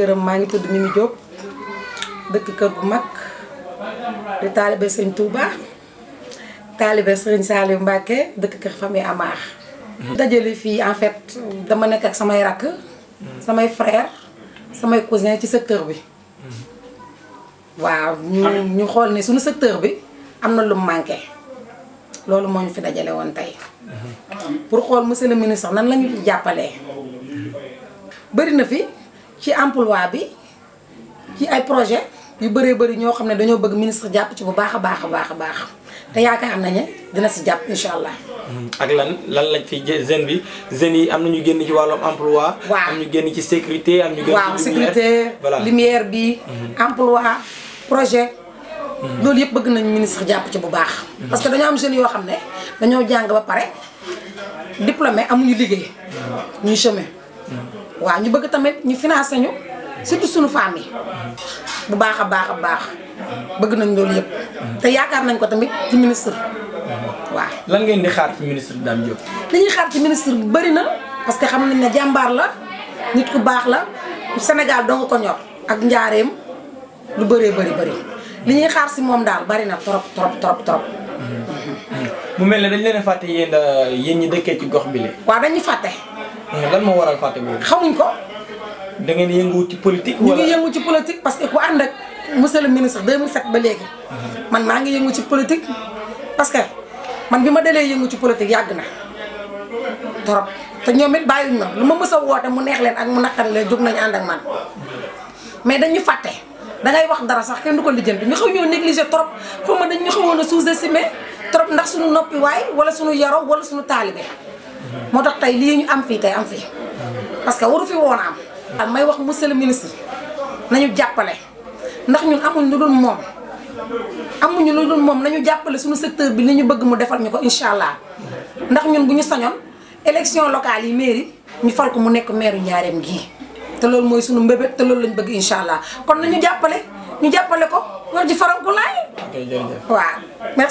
gërëm maa ngi tudd Mimi Diop dëkk kër bu mag di taalibe sëñ Touba taalibe sëñ Saliou Mbacke dëkk kër famille Amar mhm. dajale fii en fait dama nekk ak samay rakk mhm. samay frère samay cousin ci secteur bi mhm. waaw ñu xool ne suñu secteur bi am na lu mu loolu moo ñu fi dajale woon tey pour xool monsieur le ministre nan lañu jàppale jàppalee fi ci emploi bi ci ay projet yu bëree bëri ñoo xam ne dañoo bëgg ministre jàpp ci bu baax a baax a baax a baax te yaakaar nañu dina si jàpp incha allah. Hmm. ak lan lan lañ fi jeune bi jeunes yi am na ñu génn ci wàllum emploi. waa am ñu génn ci sécurité am ñu. génn ci sécurité lumière bi. Hmm. emploi projet. Hmm. loolu yëpp bëgg nañ ministre jàpp ci bu baax. parce que dañoo am jeunes yoo xam ne dañoo jàng ba pare diplômé amuñu liggéey. ñuy chômer. waaw ñu bëgg tamit ñu financé ñu surtout suñu famille bu baax a baax a baax bëgg nañ loolu yëpp te yaakaar nañ ko tamit ci ministre waaw lan ngeen di xaar ci ministre Dame Diop li ñuy xaar ci ministre bi bëri na parce que xam nañ ne jàmbaar la nit ku baax la Sénégal doo ko ñor ak njaareem lu bëree bëri bëri li ñuy xaar si moom daal bari na trop trop trop trop mu mel ne dañ leen fàtte yéen yéen ñi dëkkee ci gox bi la waaw dañu fàtte Eh, lan moo waral fàtte boobu. xamuñ ko. da ngeen yëngu ci politique. wala ngi yëngu ci politique parce que ku ànd ak monsieur le ministre 2007 ba léegi. Mhm. man maa ngi yëngu ci politique. parce que man bi ma dalee yëngu ci politique yàgg na trop te ñoom it bàyyi ma lu ma mës a woote mu neex leen ak mu naqari leen jóg nañu ànd ak man mais dañu fàtte dangay wax dara sax kenn du ko lijjanti ñu xaw ñoo négligé trop xaw ma dañ ñu xawoon a sous-estimé trop ndax suñu noppi waay wala suñu yaro wala suñu taalibe. moo tax tey lii ñu am fii tey am fii parce que waru fi woon am. daal may wax monsieur le ministre nañu jàppale ndax ñun amuñ lu dul moom amuñu lu dul moom nañu jàppale suñu secteur bi li ñu bëgg mu defal ñu ko incha allah ndax ñun bu ñu sañoon élection locale yi mairie ñu fal ko mu nekk maire Ndiarème gii te loolu mooy suñu mbébét te loolu lañ bëgg incha allah kon nañu jàppale ñu jàppale ko war ji faram ko laay. waaw